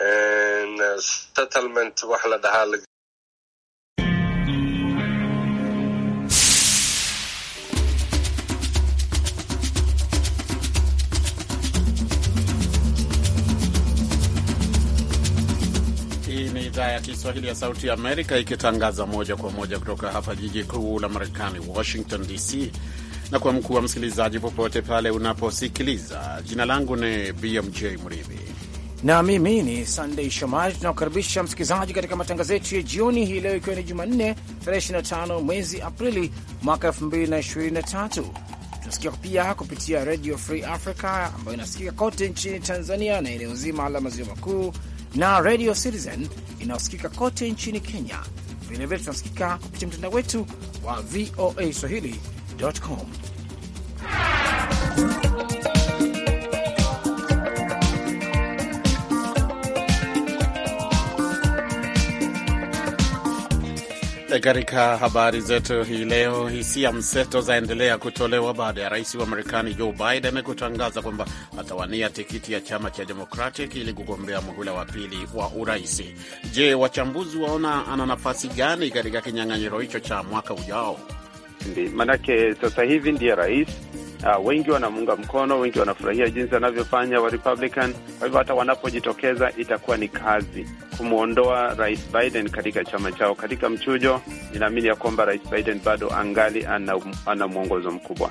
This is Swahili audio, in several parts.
Uh, settlement wax la dhahaa Hii ni idhaa ya Kiswahili ya Sauti ya Amerika ikitangaza moja kwa moja kutoka hapa jiji kuu la Marekani, Washington DC na kwa mkuu wa msikilizaji popote pale unaposikiliza. Jina langu ni BMJ Mridhi na mimi ni Sunday Shomari. Tunakukaribisha msikilizaji katika matangazo yetu ya jioni hii leo, ikiwa ni Jumanne tarehe 25 mwezi Aprili mwaka 2023. Tunasikia pia kupitia Radio Free Africa ambayo inasikika kote nchini Tanzania na eneo zima la maziwa makuu na Radio Citizen inayosikika kote nchini Kenya. Vilevile tunasikika kupitia mtandao wetu wa VOA swahili.com Katika habari zetu hii leo, hisia mseto zaendelea kutolewa baada ya rais wa Marekani Joe Biden kutangaza kwamba atawania tikiti ya chama cha Democratic ili kugombea muhula wa pili wa uraisi. Je, wachambuzi waona ana nafasi gani katika kinyang'anyiro hicho cha mwaka ujao? manake sasa hivi ndiye rais uh, wengi wanamuunga mkono, wengi wanafurahia jinsi anavyofanya wa Republican. Kwa hivyo hata wanapojitokeza itakuwa ni kazi kumwondoa Rais Biden katika chama chao katika mchujo. Ninaamini ya kwamba Rais Biden bado angali ana, ana mwongozo mkubwa.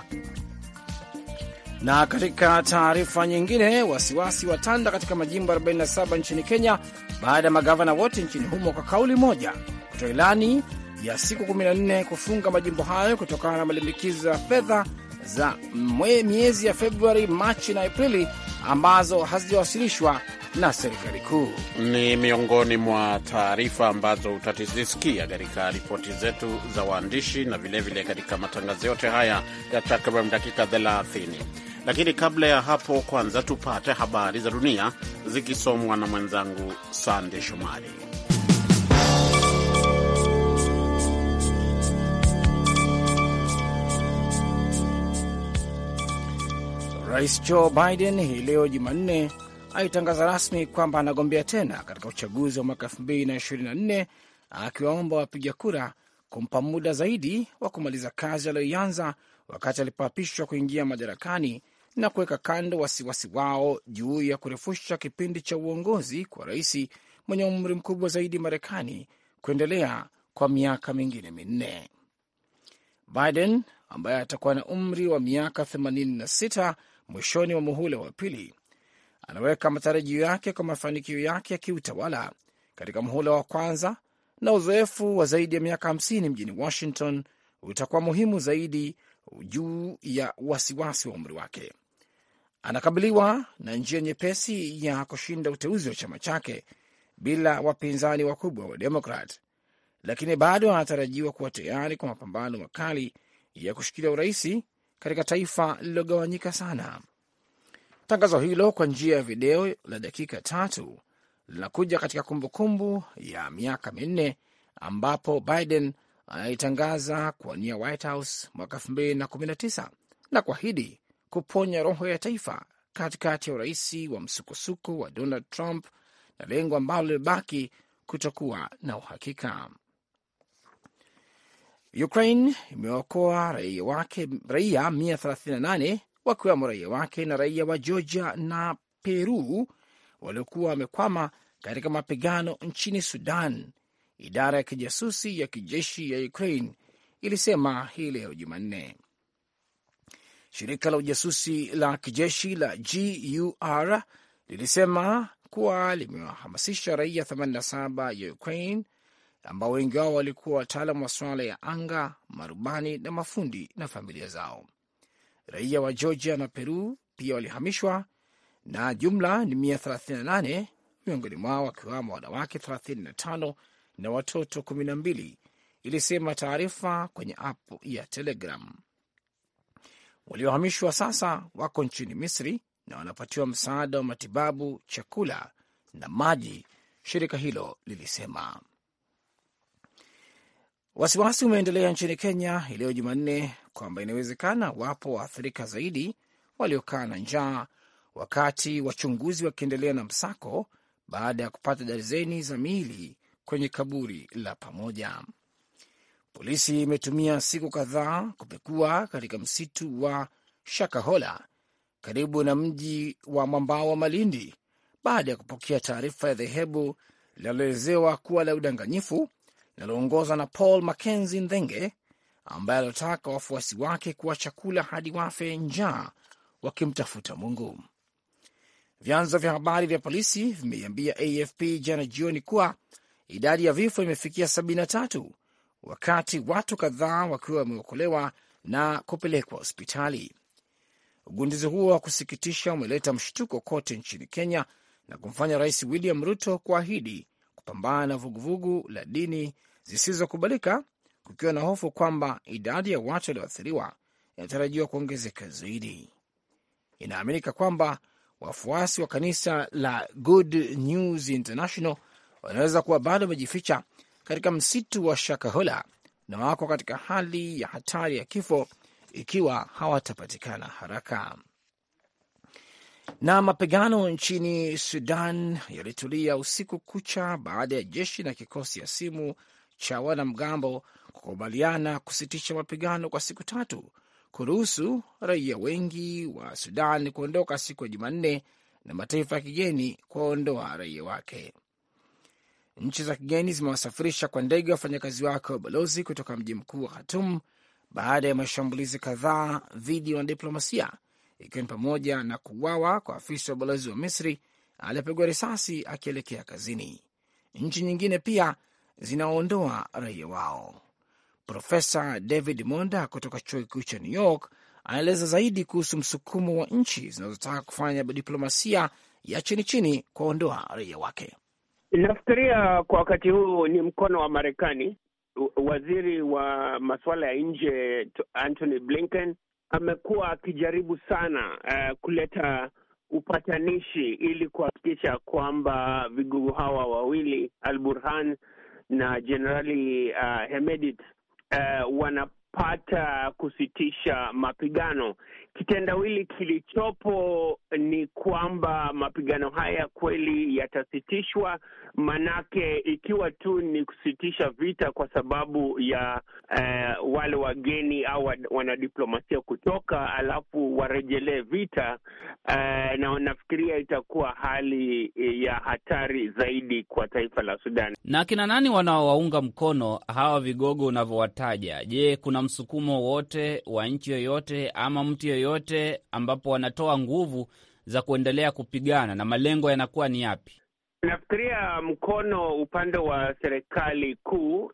Na katika taarifa nyingine, wasiwasi watanda katika majimbo 47 nchini Kenya baada ya magavana wote nchini humo kwa kauli moja kutoa ilani ya siku 14 kufunga majimbo hayo kutokana na malimbikizo ya fedha za mwe miezi ya Februari, Machi na Aprili ambazo hazijawasilishwa na serikali kuu. Ni miongoni mwa taarifa ambazo utazisikia katika ripoti zetu za waandishi na vilevile katika matangazo yote haya ya takriban dakika 30. Lakini kabla ya hapo, kwanza tupate habari za dunia zikisomwa na mwenzangu Sande Shomari. Rais Joe Biden hii leo Jumanne alitangaza rasmi kwamba anagombea tena katika uchaguzi wa mwaka 2024 akiwaomba wapiga kura kumpa muda zaidi wa kumaliza kazi aliyoianza wakati alipoapishwa kuingia madarakani na kuweka kando wasiwasi wao juu ya kurefusha kipindi cha uongozi kwa rais mwenye umri mkubwa zaidi Marekani kuendelea kwa miaka mingine minne. Biden ambaye atakuwa na umri wa miaka mwishoni mwa muhula wa pili. Anaweka matarajio yake kwa mafanikio yake ya kiutawala katika muhula wa kwanza, na uzoefu wa zaidi ya miaka hamsini mjini Washington utakuwa muhimu zaidi juu ya wasiwasi wa umri wake. Anakabiliwa na njia nyepesi ya kushinda uteuzi wa chama chake bila wapinzani wakubwa wa Demokrat, lakini bado anatarajiwa kuwa tayari kwa mapambano makali ya kushikilia uraisi katika taifa lililogawanyika sana. Tangazo hilo kwa njia ya video la dakika tatu linakuja katika kumbukumbu ya miaka minne ambapo Biden anaitangaza kuwania White House mwaka 2019 na kuahidi kuponya roho ya taifa katikati ya urais wa msukosuko wa Donald Trump na lengo ambalo lilibaki kutokuwa na uhakika. Ukraine imeokoa raia wake raia 138 wakiwemo raia wake na raia wa Georgia na Peru waliokuwa wamekwama katika mapigano nchini Sudan. Idara ya kijasusi ya kijeshi ya Ukraine ilisema hii leo Jumanne. Shirika la ujasusi la kijeshi la GUR lilisema kuwa limewahamasisha raia 87 ya Ukraine ambao wengi wao walikuwa wataalam wa swala ya anga, marubani na mafundi na familia zao. Raia wa Georgia na Peru pia walihamishwa na jumla ni 138, miongoni mwao wakiwamo wanawake 35 na watoto 12, ilisema taarifa kwenye app ya Telegram. Waliohamishwa sasa wako nchini Misri na wanapatiwa msaada wa matibabu, chakula na maji, shirika hilo lilisema. Wasiwasi umeendelea nchini Kenya hii leo Jumanne kwamba inawezekana wapo waathirika zaidi waliokaa na njaa, wakati wachunguzi wakiendelea na msako baada ya kupata darzeni za miili kwenye kaburi la pamoja. Polisi imetumia siku kadhaa kupekua katika msitu wa Shakahola karibu na mji wa mwambao wa Malindi baada ya kupokea taarifa ya dhehebu linaloelezewa kuwa la udanganyifu linaloongozwa na Paul Mackenzi Nthenge ambaye alitaka wafuasi wake kuwa chakula hadi wafe njaa wakimtafuta Mungu. Vyanzo vya habari vya polisi vimeiambia AFP jana jioni kuwa idadi ya vifo imefikia 73 wakati watu kadhaa wakiwa wameokolewa na kupelekwa hospitali. Ugunduzi huo wa kusikitisha umeleta mshtuko kote nchini Kenya na kumfanya Rais William Ruto kuahidi kupambana na vuguvugu la dini zisizokubalika, kukiwa na hofu kwamba idadi ya watu walioathiriwa inatarajiwa kuongezeka zaidi. Inaaminika kwamba wafuasi wa kanisa la Good News International wanaweza kuwa bado wamejificha katika msitu wa Shakahola na wako katika hali ya hatari ya kifo ikiwa hawatapatikana haraka. Na mapigano nchini Sudan yalitulia usiku kucha baada ya jeshi na kikosi ya simu cha wanamgambo kukubaliana kusitisha mapigano kwa siku tatu, kuruhusu raia wengi wa Sudan kuondoka siku ya Jumanne na mataifa ya kigeni kuwaondoa raia wake. Nchi za kigeni zimewasafirisha kwa ndege wafanyakazi wake wa balozi kutoka mji mkuu wa Khartoum baada ya mashambulizi kadhaa dhidi ya wanadiplomasia ikiwa ni pamoja na kuuawa kwa afisa wa ubalozi wa Misri aliyepigwa risasi akielekea kazini. Nchi nyingine pia zinaondoa raia wao. Profesa David Monda kutoka chuo kikuu cha New York anaeleza zaidi kuhusu msukumo wa nchi zinazotaka kufanya diplomasia ya chini chini kuwaondoa raia wake. Nafikiria kwa wakati huu ni mkono wa Marekani. Waziri wa masuala ya nje Antony Blinken amekuwa akijaribu sana uh, kuleta upatanishi ili kuhakikisha kwamba vigogo hawa wawili Al Burhan na Jenerali uh, eh, Hemedit uh, wanapata kusitisha mapigano Kitendawili kilichopo ni kwamba mapigano haya kweli yatasitishwa, manake ikiwa tu ni kusitisha vita kwa sababu ya eh, wale wageni au wanadiplomasia kutoka, alafu warejelee vita eh, na nafikiria itakuwa hali eh, ya hatari zaidi kwa taifa la Sudan. Na kina nani wanaowaunga mkono hawa vigogo unavyowataja? Je, kuna msukumo wote wa nchi yoyote ama mtu yoyote yoyote ambapo wanatoa nguvu za kuendelea kupigana na malengo yanakuwa ni yapi? Nafikiria mkono upande wa serikali kuu,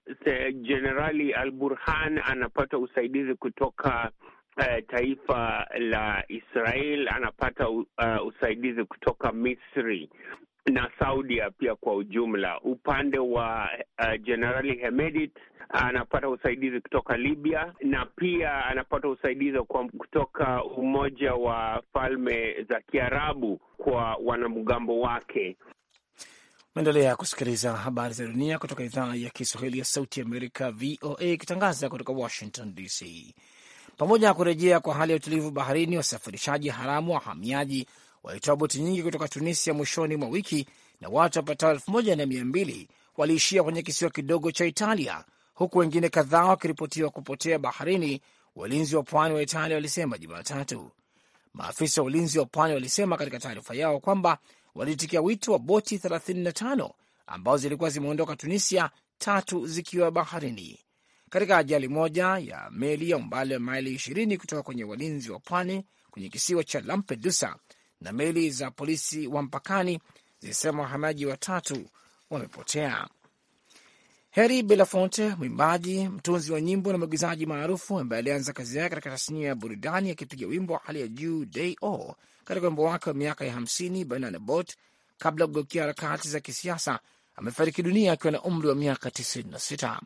Jenerali Al Burhan anapata usaidizi kutoka uh, taifa la Israel, anapata uh, usaidizi kutoka Misri na Saudia pia kwa ujumla. Upande wa Jenerali eh, uh, eh, anapata usaidizi kutoka Libya na pia anapata usaidizi kwa kutoka Umoja wa Falme za Kiarabu kwa wanamgambo wake. maendelea kusikiliza habari za dunia kutoka idhaa ya Kiswahili ya Sauti Amerika, VOA, ikitangaza kutoka Washington DC. Pamoja na kurejea kwa hali ya utulivu baharini, wasafirishaji haramu wahamiaji walitoa boti nyingi kutoka Tunisia mwishoni mwa wiki na watu wapatao elfu moja na mia mbili waliishia kwenye kisiwa kidogo cha Italia, huku wengine kadhaa wakiripotiwa kupotea baharini. Walinzi wa pwani wa Italia walisema Jumatatu. Maafisa wa ulinzi wa pwani walisema katika taarifa yao kwamba walitikia wito wa boti 35 ambazo zilikuwa zimeondoka Tunisia, tatu zikiwa baharini. Katika ajali moja ya meli ya umbali wa maili 20 kutoka kwenye walinzi wa pwani kwenye kisiwa cha Lampedusa, na meli za polisi wa mpakani zilisema wahamaji watatu wamepotea. Heri Belafonte, mwimbaji, mtunzi wa nyimbo na mwigizaji maarufu ambaye alianza kazi yake katika tasnia ya burudani akipiga wimbo wa hali ya juu Day O katika wimbo wake wa miaka ya hamsini Banana Boat kabla ya kugeukia harakati za kisiasa, amefariki dunia akiwa na umri wa miaka sita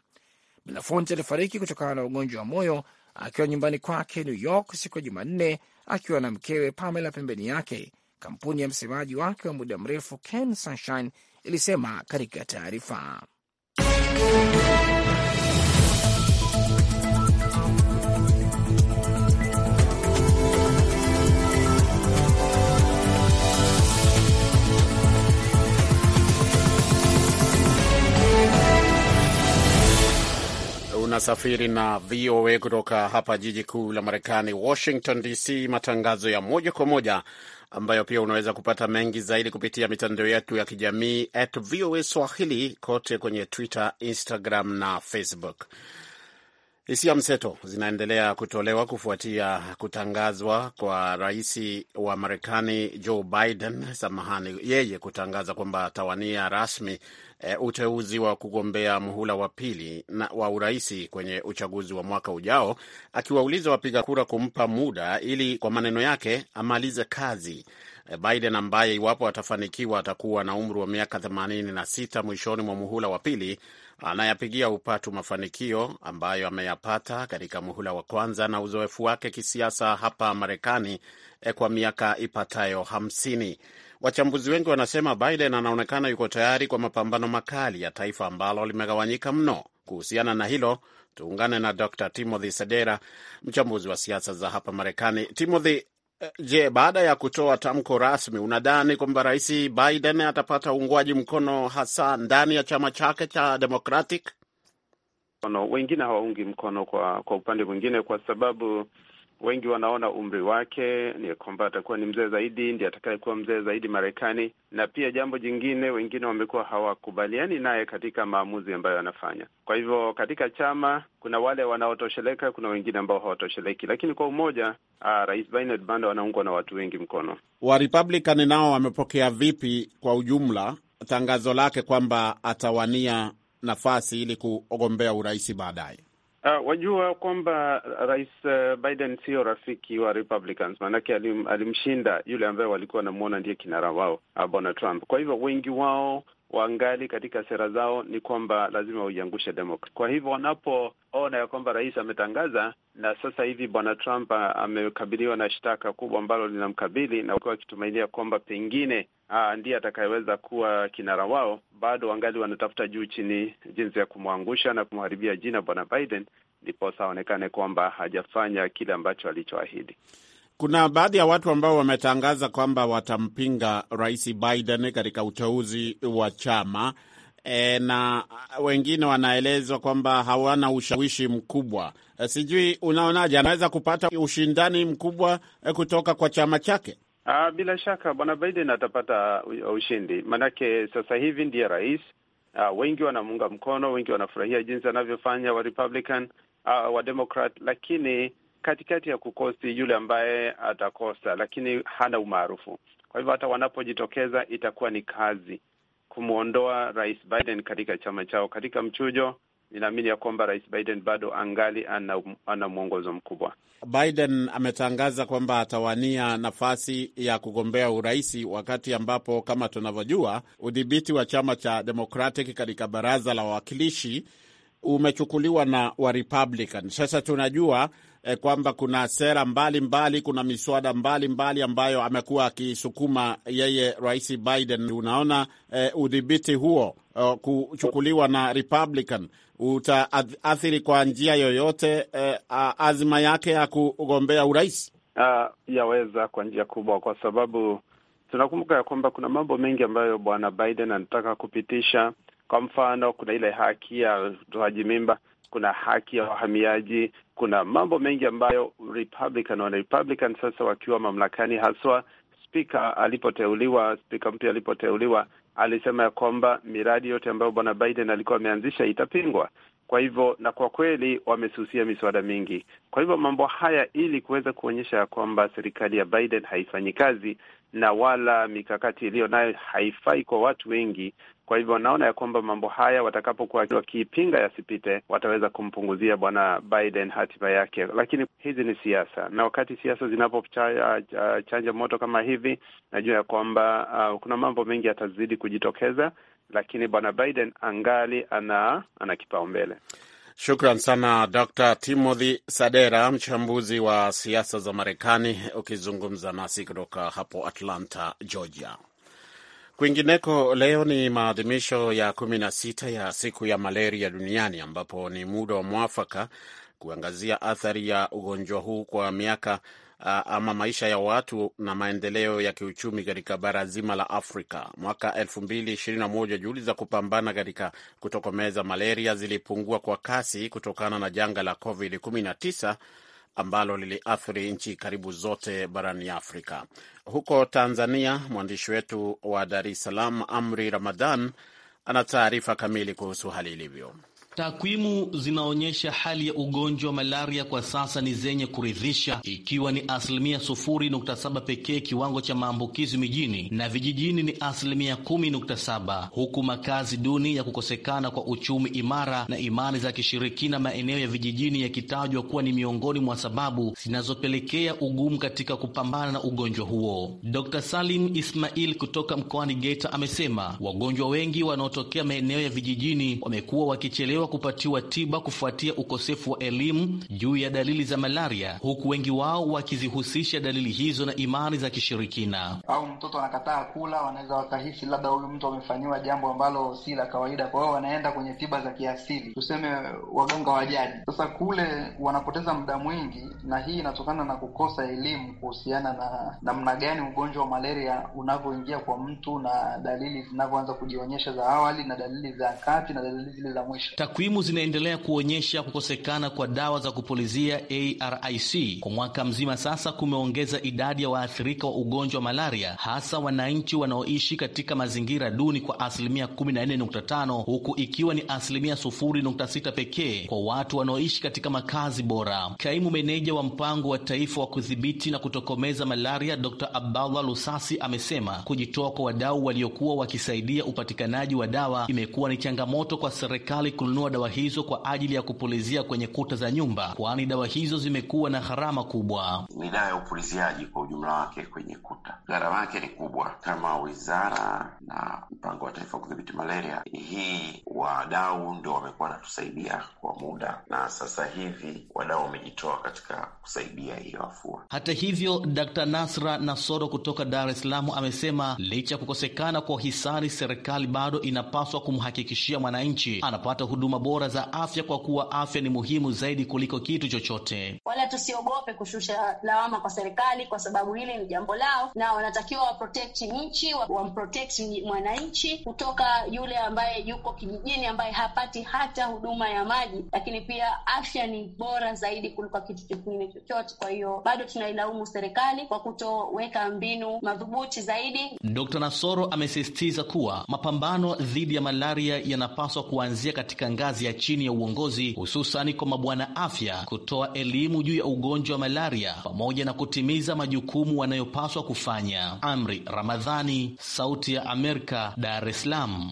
Belafonte alifariki kutokana na ugonjwa wa moyo akiwa nyumbani kwake New York siku ya Jumanne akiwa na mkewe Pamela pembeni yake, kampuni ya msemaji wake wa muda mrefu Ken Sunshine ilisema katika taarifa. Unasafiri na VOA kutoka hapa jiji kuu la Marekani, Washington DC, matangazo ya moja kwa moja ambayo pia unaweza kupata mengi zaidi kupitia mitandao yetu ya kijamii at VOA Swahili kote kwenye Twitter, Instagram na Facebook hisia mseto zinaendelea kutolewa kufuatia kutangazwa kwa rais wa Marekani Joe Biden, samahani, yeye kutangaza kwamba atawania rasmi e, uteuzi wa kugombea muhula wa pili na wa uraisi kwenye uchaguzi wa mwaka ujao, akiwauliza wapiga kura kumpa muda ili, kwa maneno yake, amalize kazi. Eh, Biden ambaye iwapo atafanikiwa atakuwa na umri wa miaka 86 mwishoni mwa muhula wa pili, anayapigia upatu mafanikio ambayo ameyapata katika muhula wa kwanza na uzoefu wake kisiasa hapa Marekani eh, kwa miaka ipatayo hamsini. Wachambuzi wengi wanasema Biden anaonekana yuko tayari kwa mapambano makali ya taifa ambalo limegawanyika mno. Kuhusiana na hilo tuungane na Dr Timothy Sedera, mchambuzi wa siasa za hapa Marekani. Timothy, Je, baada ya kutoa tamko rasmi, unadhani kwamba Rais Biden atapata uungwaji mkono hasa ndani ya chama chake cha Democratic? Wengine hawaungi mkono kwa, kwa upande mwingine kwa sababu wengi wanaona umri wake ni kwamba atakuwa ni mzee zaidi, ndi atakayekuwa mzee zaidi Marekani. Na pia jambo jingine, wengine wamekuwa hawakubaliani naye katika maamuzi ambayo anafanya. Kwa hivyo katika chama kuna wale wanaotosheleka, kuna wengine ambao hawatosheleki, lakini kwa umoja, aa, ah, Rais Biden bado anaungwa na watu wengi mkono. Wa Republican nao wamepokea vipi kwa ujumla tangazo lake kwamba atawania nafasi ili kugombea urais baadaye? Uh, wajua kwamba Rais uh, Biden sio rafiki wa Republicans, maanake alim, alimshinda yule ambaye walikuwa wanamwona ndiye kinara wao uh, Bwana Trump. Kwa hivyo wengi wao wangali katika sera zao ni kwamba lazima uiangushe Democrat. Kwa hivyo wanapoona ya kwamba rais ametangaza, na sasa hivi bwana Trump amekabiliwa na shtaka kubwa ambalo linamkabili, na wakiwa wakitumainia kwamba pengine ndiye atakayeweza kuwa kinara wao, bado wangali wanatafuta juu chini jinsi ya kumwangusha na kumharibia jina bwana Biden, ndiposa aonekane kwamba hajafanya kile ambacho alichoahidi. Kuna baadhi ya watu ambao wametangaza kwamba watampinga Rais Biden katika uteuzi wa chama e, na wengine wanaelezwa kwamba hawana ushawishi mkubwa. E, sijui unaonaje, anaweza kupata ushindani mkubwa e, kutoka kwa chama chake? Aa, ah, bila shaka bwana Biden atapata ushindi, maanake sasa hivi ndiye rais. Ah, wengi wanamuunga mkono, wengi wanafurahia jinsi anavyofanya wa Republican, ah, wa Democrat, lakini katikati ya kukosi yule ambaye atakosa, lakini hana umaarufu. Kwa hivyo hata wanapojitokeza itakuwa ni kazi kumwondoa Rais Biden katika chama chao. Katika mchujo, ninaamini ya kwamba Rais Biden bado angali ana, um, ana mwongozo mkubwa. Biden ametangaza kwamba atawania nafasi ya kugombea uraisi, wakati ambapo kama tunavyojua udhibiti wa chama cha Democratic katika baraza la wawakilishi umechukuliwa na wa Republican. Sasa tunajua eh, kwamba kuna sera mbalimbali mbali, kuna miswada mbalimbali mbali ambayo amekuwa akisukuma yeye Rais Biden. Unaona eh, udhibiti huo uh, kuchukuliwa na Republican utaathiri kwa njia yoyote eh, azima yake ya kugombea urais? Uh, yaweza kwa njia kubwa, kwa sababu tunakumbuka ya kwamba kuna mambo mengi ambayo bwana Biden anataka kupitisha. Kwa mfano, kuna ile haki ya utoaji mimba kuna haki ya wahamiaji, kuna mambo mengi ambayo Republican wana Republican sasa wakiwa mamlakani, haswa spika alipoteuliwa, spika mpya alipoteuliwa alisema ya kwamba miradi yote ambayo bwana Biden alikuwa ameanzisha itapingwa. Kwa hivyo na kwa kweli wamesusia miswada mingi. Kwa hivyo mambo haya, ili kuweza kuonyesha ya kwamba serikali ya Biden haifanyi kazi, na wala mikakati iliyo nayo haifai kwa watu wengi. Kwa hivyo naona ya kwamba mambo haya watakapokuwa wakiipinga yasipite, wataweza kumpunguzia bwana Biden hatima yake. Lakini hizi ni siasa, na wakati siasa zinapochanja uh, moto kama hivi, najua ya kwamba uh, kuna mambo mengi yatazidi kujitokeza, lakini bwana Biden angali ana, ana kipaumbele. Shukran sana Dr Timothy Sadera, mchambuzi wa siasa za Marekani, ukizungumza nasi kutoka hapo Atlanta, Georgia. Kwingineko, leo ni maadhimisho ya kumi na sita ya siku ya malaria duniani, ambapo ni muda wa mwafaka kuangazia athari ya ugonjwa huu kwa miaka Uh, ama maisha ya watu na maendeleo ya kiuchumi katika bara zima la Afrika. Mwaka elfu mbili ishirini na moja juhudi za kupambana katika kutokomeza malaria zilipungua kwa kasi kutokana na janga la COVID 19 ambalo liliathiri nchi karibu zote barani Afrika. Huko Tanzania, mwandishi wetu wa Dar es Salaam, Amri ramadan ana taarifa kamili kuhusu hali ilivyo. Takwimu zinaonyesha hali ya ugonjwa wa malaria kwa sasa ni zenye kuridhisha, ikiwa ni asilimia 0.7 pekee kiwango cha maambukizi mijini na vijijini ni asilimia 17 huku makazi duni ya kukosekana kwa uchumi imara na imani za kishirikina maeneo ya vijijini yakitajwa kuwa ni miongoni mwa sababu zinazopelekea ugumu katika kupambana na ugonjwa huo. Dr. Salim Ismail kutoka mkoani Geita amesema wagonjwa wengi wanaotokea maeneo ya vijijini wamekuwa wakichelewa wamechelewa kupatiwa tiba kufuatia ukosefu wa elimu juu ya dalili za malaria, huku wengi wao wakizihusisha dalili hizo na imani za kishirikina. Au mtoto anakataa kula, wanaweza wakahisi labda huyu mtu amefanyiwa jambo ambalo si la kawaida, kwa hiyo wanaenda kwenye tiba za kiasili, tuseme waganga wa jadi. Sasa kule wanapoteza muda mwingi, na hii inatokana na kukosa elimu kuhusiana na namna gani ugonjwa wa malaria unavyoingia kwa mtu na dalili zinavyoanza kujionyesha za awali na dalili za kati na dalili zile za mwisho. Takwimu zinaendelea kuonyesha kukosekana kwa dawa za kupulizia ARIC kwa mwaka mzima sasa kumeongeza idadi ya waathirika wa ugonjwa wa malaria, hasa wananchi wanaoishi katika mazingira duni kwa asilimia 14.5 huku ikiwa ni asilimia 0.6 pekee kwa watu wanaoishi katika makazi bora. Kaimu meneja wa mpango wa taifa wa kudhibiti na kutokomeza malaria Dr. Abdallah Lusasi amesema kujitoa kwa wadau waliokuwa wakisaidia upatikanaji wa dawa imekuwa ni changamoto kwa serikali kununua kununua dawa hizo kwa ajili ya kupulizia kwenye kuta za nyumba, kwani dawa hizo zimekuwa na gharama kubwa. Ni dawa ya upuliziaji kwa ujumla wake kwenye kuta, gharama yake ni kubwa. Kama wizara na mpango wa taifa wa kudhibiti malaria, hii wadau ndo wamekuwa wanatusaidia kwa muda, na sasa hivi wadau wamejitoa katika kusaidia hiyo afua. Hata hivyo, d Nasra Nasoro kutoka Dar es Salaam amesema licha ya kukosekana kwa hisani, serikali bado inapaswa kumhakikishia mwananchi anapata huduma huduma bora za afya, kwa kuwa afya ni muhimu zaidi kuliko kitu chochote. Wala tusiogope kushusha lawama kwa serikali, kwa sababu hili ni jambo lao na wanatakiwa waprotect nchi, wamprotect mwananchi kutoka yule ambaye yuko kijijini, ambaye hapati hata huduma ya maji, lakini pia afya ni bora zaidi kuliko kitu kingine chochote. Kwa hiyo bado tunailaumu serikali kwa kutoweka mbinu madhubuti zaidi. d Nasoro amesisitiza kuwa mapambano dhidi ya malaria yanapaswa kuanzia katika ngazi ya chini ya uongozi, hususani kwa mabwana afya, kutoa elimu juu ya ugonjwa wa malaria pamoja na kutimiza majukumu wanayopaswa kufanya. Amri Ramadhani, Sauti ya Amerika, Dar es Salaam.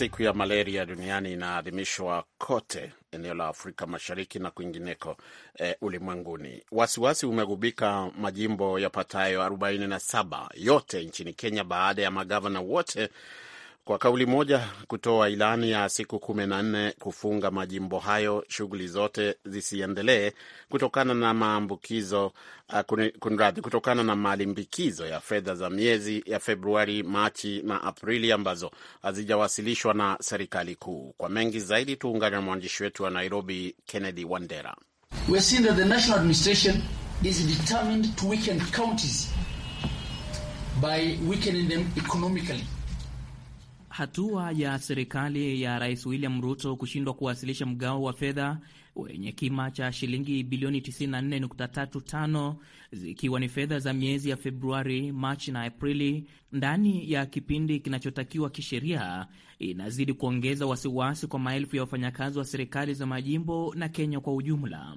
Siku ya malaria duniani inaadhimishwa kote eneo la Afrika Mashariki na kwingineko e, ulimwenguni. Wasiwasi umegubika majimbo yapatayo 47 yote nchini Kenya baada ya magavana wote kwa kauli moja kutoa ilani ya siku kumi na nne kufunga majimbo hayo, shughuli zote zisiendelee kutokana na maambukizo uh, kunradhi, kutokana na malimbikizo ya fedha za miezi ya Februari, Machi na Aprili ambazo hazijawasilishwa na serikali kuu. Kwa mengi zaidi, tuungane na mwandishi wetu wa Nairobi, Kennedy Wandera. We Hatua ya serikali ya Rais William Ruto kushindwa kuwasilisha mgao wa fedha wenye kima cha shilingi bilioni 94.35 zikiwa ni fedha za miezi ya Februari, Machi na Aprili ndani ya kipindi kinachotakiwa kisheria inazidi kuongeza wasiwasi kwa maelfu ya wafanyakazi wa serikali za majimbo na Kenya kwa ujumla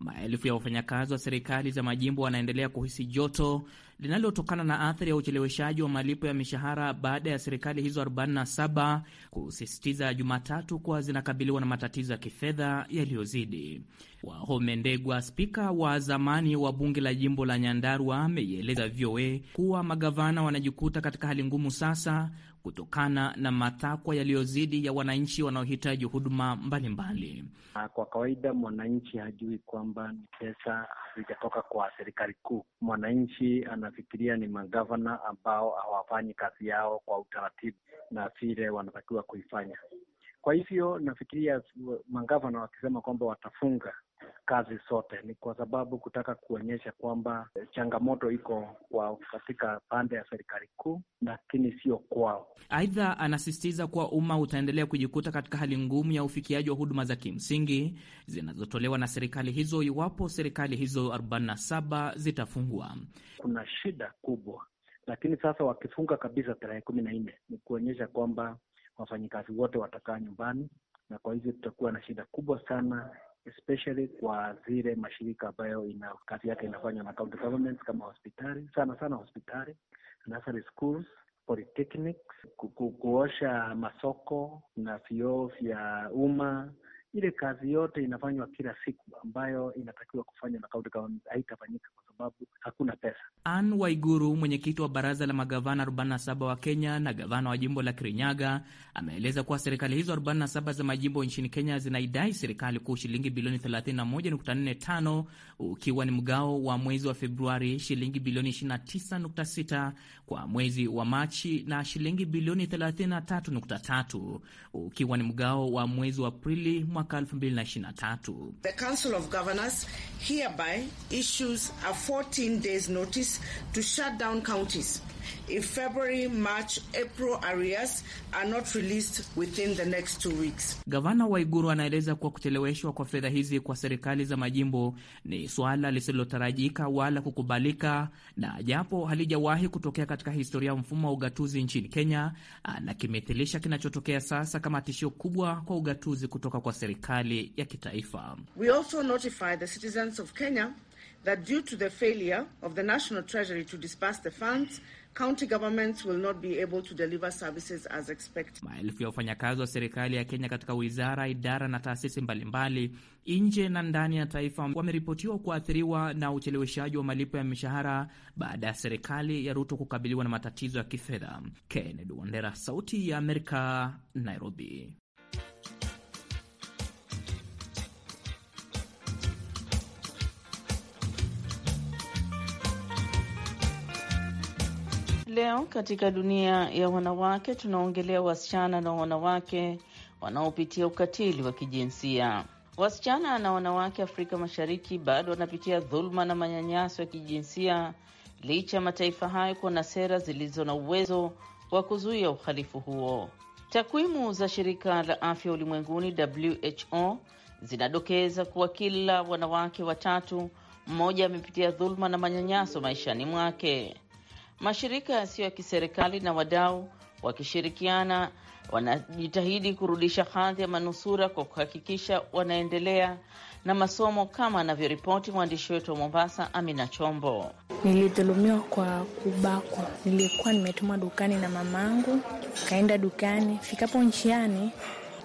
maelfu ya wafanyakazi wa serikali za majimbo wanaendelea kuhisi joto linalotokana na athari ya ucheleweshaji wa malipo ya mishahara baada ya serikali hizo 47 kusisitiza Jumatatu kuwa zinakabiliwa na matatizo ya kifedha yaliyozidi. Wahome Ndegwa, spika wa zamani wa bunge la jimbo la Nyandarua, ameieleza VOA kuwa magavana wanajikuta katika hali ngumu sasa kutokana na matakwa yaliyozidi ya wananchi wanaohitaji huduma mbalimbali. Ah, kwa kawaida mwananchi hajui kwamba ni pesa hazijatoka kwa serikali kuu. Mwananchi anafikiria ni magavana ambao hawafanyi kazi yao kwa utaratibu na vile wanatakiwa kuifanya. Kwa hivyo nafikiria magavana wakisema kwamba watafunga kazi sote. Ni kwa sababu kutaka kuonyesha kwamba eh, changamoto iko kwa katika pande ya serikali kuu, lakini sio kwao. Aidha, anasisitiza kuwa umma utaendelea kujikuta katika hali ngumu ya ufikiaji wa huduma za kimsingi zinazotolewa na serikali hizo iwapo serikali hizo 47 zitafungwa. Kuna shida kubwa, lakini sasa wakifunga kabisa tarehe kumi na nne ni kuonyesha kwamba wafanyikazi wote watakaa nyumbani na kwa hivyo tutakuwa na shida kubwa sana especially kwa zile mashirika ambayo ina kazi yake inafanywa na county governments kama hospitali, sana sana hospitali, nursery schools, polytechnics, ku, kuosha masoko na vioo vya umma. Ile kazi yote inafanywa kila siku ambayo inatakiwa kufanywa na county government haitafanyika kwa sababu hakuna pesa. Anne Waiguru, mwenyekiti wa baraza la magavana 47 wa Kenya na gavana wa jimbo la Kirinyaga, ameeleza kuwa serikali hizo 47 za majimbo nchini Kenya zinaidai serikali kuu shilingi bilioni 31.45 ukiwa ni mgao wa mwezi wa Februari shilingi bilioni 29.6 kwa mwezi wa Machi na shilingi bilioni 33.3 ukiwa ni mgao wa mwezi wa Aprili mwaka 2023. 14 days notice to shut down counties if February, March, April areas are not released within the next two weeks. Gavana Waiguru anaeleza kuwa kucheleweshwa kwa fedha hizi kwa serikali za majimbo ni suala lisilotarajika wala kukubalika, na japo halijawahi kutokea katika historia ya mfumo wa ugatuzi nchini Kenya, na kimethilisha kinachotokea sasa kama tishio kubwa kwa ugatuzi kutoka kwa serikali ya kitaifa. We also notify the citizens of Kenya that due to the failure of the National Treasury to disperse the funds, county governments will not be able to deliver services as expected. Maelfu ya wafanyakazi wa serikali ya Kenya katika wizara, idara na taasisi mbalimbali nje na ndani ya taifa wameripotiwa kuathiriwa na ucheleweshaji wa malipo ya mishahara baada ya serikali ya Ruto kukabiliwa na matatizo ya kifedha. Kennedy Wandera, Sauti ya Amerika, Nairobi. leo katika dunia ya wanawake tunaongelea wasichana na wanawake wanaopitia ukatili wa kijinsia. Wasichana na wanawake Afrika Mashariki bado wanapitia dhuluma na manyanyaso ya kijinsia licha ya mataifa hayo kuwa na sera zilizo na uwezo wa kuzuia uhalifu huo. Takwimu za shirika la afya ulimwenguni WHO zinadokeza kuwa kila wanawake watatu mmoja amepitia dhuluma na manyanyaso maishani mwake mashirika yasiyo ya kiserikali na wadau wakishirikiana wanajitahidi kurudisha hadhi ya manusura kwa kuhakikisha wanaendelea na masomo, kama anavyoripoti mwandishi wetu wa Mombasa, Amina Chombo. Nilidhulumiwa kwa kubakwa. Nilikuwa nimetumwa dukani na mamangu, kaenda dukani. Fikapo njiani,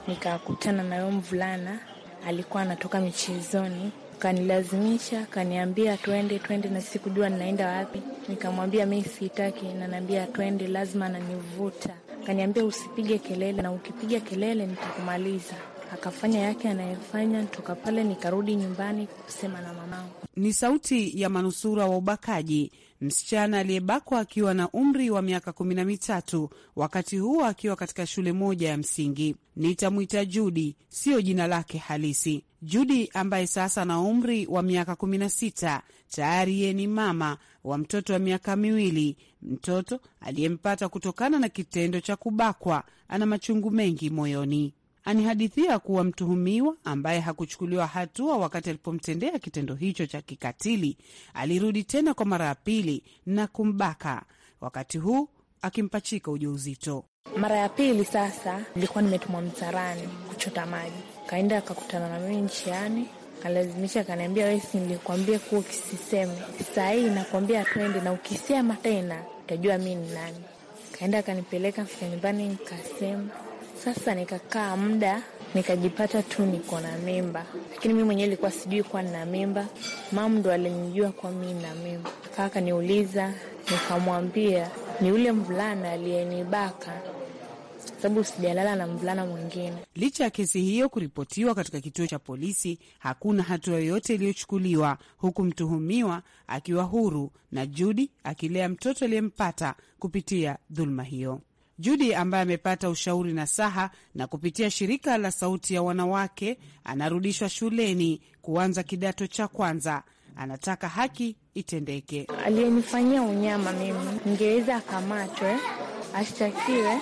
nikakutana na mvulana, alikuwa anatoka michezoni Kanilazimisha, kaniambia twende, twende na sikujua ninaenda wapi. Nikamwambia mi sitaki, nanaambia twende, lazima ananivuta. Kaniambia usipige kelele, na ukipiga kelele nitakumaliza. Akafanya yake anayefanya. Toka pale nikarudi nyumbani kusema na mamangu. Ni sauti ya manusura wa ubakaji msichana aliyebakwa akiwa na umri wa miaka kumi na mitatu, wakati huo akiwa katika shule moja ya msingi. Nitamwita Judi, siyo jina lake halisi. Judi ambaye sasa ana umri wa miaka kumi na sita tayari yeye ni mama wa mtoto wa miaka miwili, mtoto aliyempata kutokana na kitendo cha kubakwa. Ana machungu mengi moyoni anihadithia kuwa mtuhumiwa ambaye hakuchukuliwa hatua wakati alipomtendea kitendo hicho cha kikatili alirudi tena kwa mara ya pili na kumbaka, wakati huu akimpachika ujauzito. Mara ya pili sasa, nilikuwa nimetumwa mtarani kuchota maji, kaenda akakutana na mimi njiani, kalazimisha kaniambia, wewe, si kuwa ukisiseme. sahii nakwambia twende, na ukisema tena utajua mi ni nani. Kaenda akanipeleka fika nyumbani, nikasema sasa nikakaa muda nikajipata tu niko na mimba, lakini mi mwenyewe ilikuwa sijui kuwa nina mimba. Mama ndo alinijua kuwa mi na mimba, kaa akaniuliza nikamwambia ni ule mvulana aliyenibaka sababu sijalala na mvulana mwingine. Licha ya kesi hiyo kuripotiwa katika kituo cha polisi, hakuna hatua yoyote iliyochukuliwa, huku mtuhumiwa akiwa huru na Judi akilea mtoto aliyempata kupitia dhuluma hiyo judi ambaye amepata ushauri na saha na kupitia shirika la Sauti ya Wanawake anarudishwa shuleni kuanza kidato cha kwanza. Anataka haki itendeke. Aliyenifanyia unyama mimi, ningeweza akamatwe, ashtakiwe,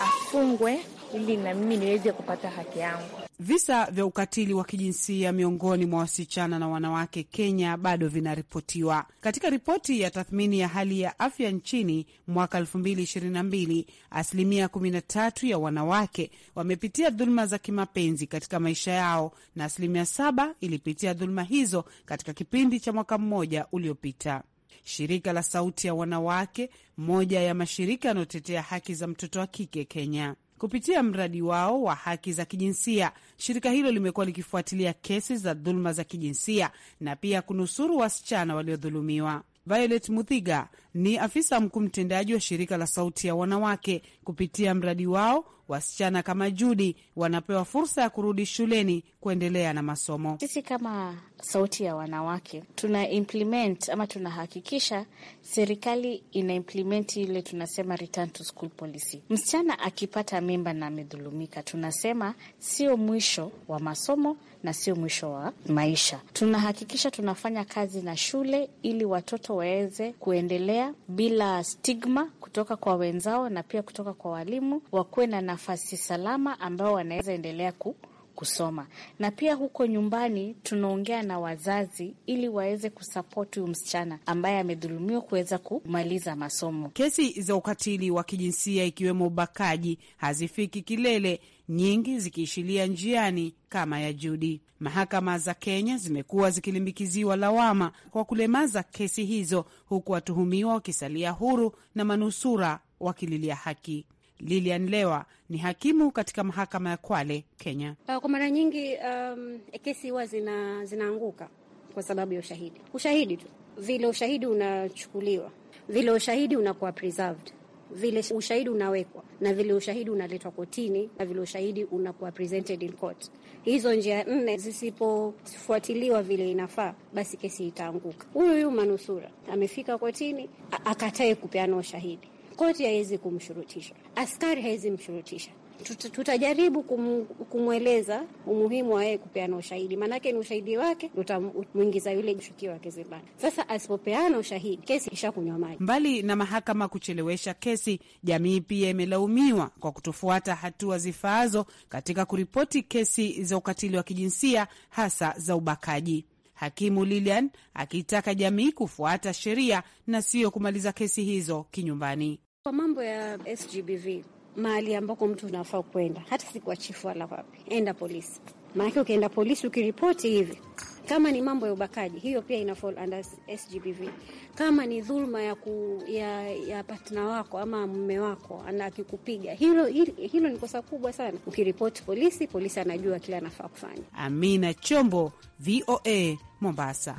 afungwe ili na mimi niweze kupata haki yangu. Visa vya ukatili wa kijinsia miongoni mwa wasichana na wanawake Kenya bado vinaripotiwa. Katika ripoti ya tathmini ya hali ya afya nchini mwaka 2022, asilimia 13 ya wanawake wamepitia dhuluma za kimapenzi katika maisha yao na asilimia 7 ilipitia dhuluma hizo katika kipindi cha mwaka mmoja uliopita. Shirika la Sauti ya Wanawake, moja ya mashirika yanayotetea haki za mtoto wa kike Kenya, Kupitia mradi wao wa haki za kijinsia, shirika hilo limekuwa likifuatilia kesi za dhuluma za kijinsia na pia kunusuru wasichana waliodhulumiwa. Violet Muthiga ni afisa mkuu mtendaji wa shirika la Sauti ya Wanawake. Kupitia mradi wao, wasichana kama Judi wanapewa fursa ya kurudi shuleni kuendelea na masomo. Sisi kama sauti ya wanawake tuna implement ama tunahakikisha serikali ina implement ile tunasema return to school policy. Msichana akipata mimba na amedhulumika, tunasema sio mwisho wa masomo na sio mwisho wa maisha. Tunahakikisha tunafanya kazi na shule ili watoto waweze kuendelea bila stigma kutoka kwa wenzao na pia kutoka kwa walimu, wakuwe na nafasi salama ambao wanaweza endelea ku kusoma, na pia huko nyumbani tunaongea na wazazi ili waweze kusapoti huyu msichana ambaye amedhulumiwa kuweza kumaliza masomo. Kesi za ukatili wa kijinsia ikiwemo ubakaji hazifiki kilele, nyingi zikiishilia njiani kama ya Judi. Mahakama za Kenya zimekuwa zikilimbikiziwa lawama kwa kulemaza kesi hizo, huku watuhumiwa wakisalia huru na manusura wakililia haki. Lilian Lewa ni hakimu katika mahakama ya Kwale, Kenya. Uh, kwa mara nyingi um, kesi huwa zina, zinaanguka kwa sababu ya ushahidi, ushahidi tu vile ushahidi unachukuliwa, vile ushahidi unakuwa preserved vile ushahidi unawekwa na vile ushahidi unaletwa kotini na vile ushahidi unakuwa presented in court. Hizo njia nne zisipofuatiliwa vile inafaa, basi kesi itaanguka. Huyu huyu manusura amefika kotini akatae kupeana ushahidi, koti haiwezi kumshurutisha, askari haiwezi mshurutisha. Tut, Tutajaribu kum, kumweleza umuhimu wa yeye kupeana ushahidi, maanake ni ushahidi wake utamwingiza yule mshukiwa kizimbani. Sasa asipopeana ushahidi, kesi ishakunywa maji. Mbali na mahakama kuchelewesha kesi, jamii pia imelaumiwa kwa kutofuata hatua zifaazo katika kuripoti kesi za ukatili wa kijinsia, hasa za ubakaji. Hakimu Lilian akitaka jamii kufuata sheria na siyo kumaliza kesi hizo kinyumbani. Kwa mambo ya SGBV, mahali ambako mtu unafaa kwenda, hata si kwa chifu wala wapi, enda polisi. Maanake ukienda polisi ukiripoti hivi kama ni mambo ya ubakaji, hiyo pia ina fall under SGBV. Kama ni dhuluma ya, ku, ya, ya partner wako ama mume wako ana akikupiga, hilo, hilo, hilo ni kosa kubwa sana. Ukiripoti polisi, polisi anajua kile anafaa kufanya. Amina Chombo, VOA, Mombasa.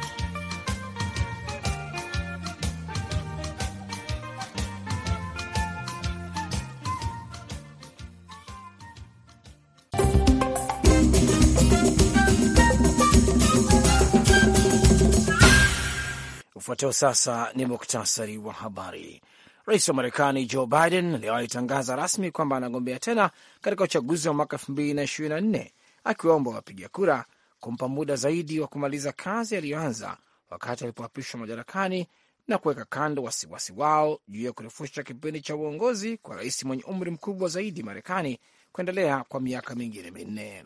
Ufuatao sasa ni muktasari wa habari. Rais wa Marekani Joe Biden leo alitangaza rasmi kwamba anagombea tena katika uchaguzi wa mwaka elfu mbili na na nne akiwaomba wapiga kura kumpa muda zaidi wa kumaliza kazi aliyoanza wakati alipoapishwa madarakani na kuweka kando wasiwasi wao juu ya kurefusha kipindi cha uongozi kwa rais mwenye umri mkubwa zaidi Marekani kuendelea kwa miaka mingine minne.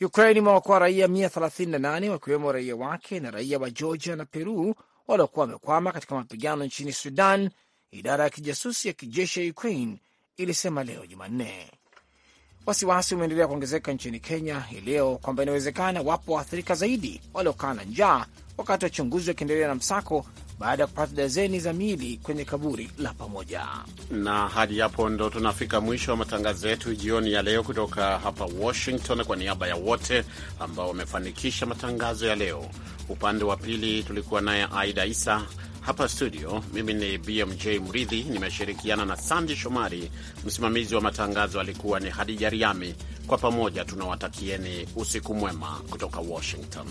Ukraine imewaokoa raia 138 wakiwemo raia wake na raia wa Georgia na Peru waliokuwa wamekwama katika mapigano nchini Sudan, idara ya kijasusi ya kijeshi ya Ukraine ilisema leo Jumanne. Wasiwasi umeendelea kuongezeka nchini Kenya hii leo kwamba inawezekana wapo waathirika zaidi waliokaa na njaa, wakati wachunguzi wakiendelea na msako baada ya kupata dazeni za miili kwenye kaburi la pamoja. Na hadi hapo ndo tunafika mwisho wa matangazo yetu jioni ya leo kutoka hapa Washington. Kwa niaba ya wote ambao wamefanikisha matangazo ya leo, upande wa pili tulikuwa naye Aida Isa hapa studio. Mimi ni BMJ Mridhi, nimeshirikiana na Sandi Shomari. Msimamizi wa matangazo alikuwa ni Hadija Riami. Kwa pamoja tunawatakieni usiku mwema kutoka Washington.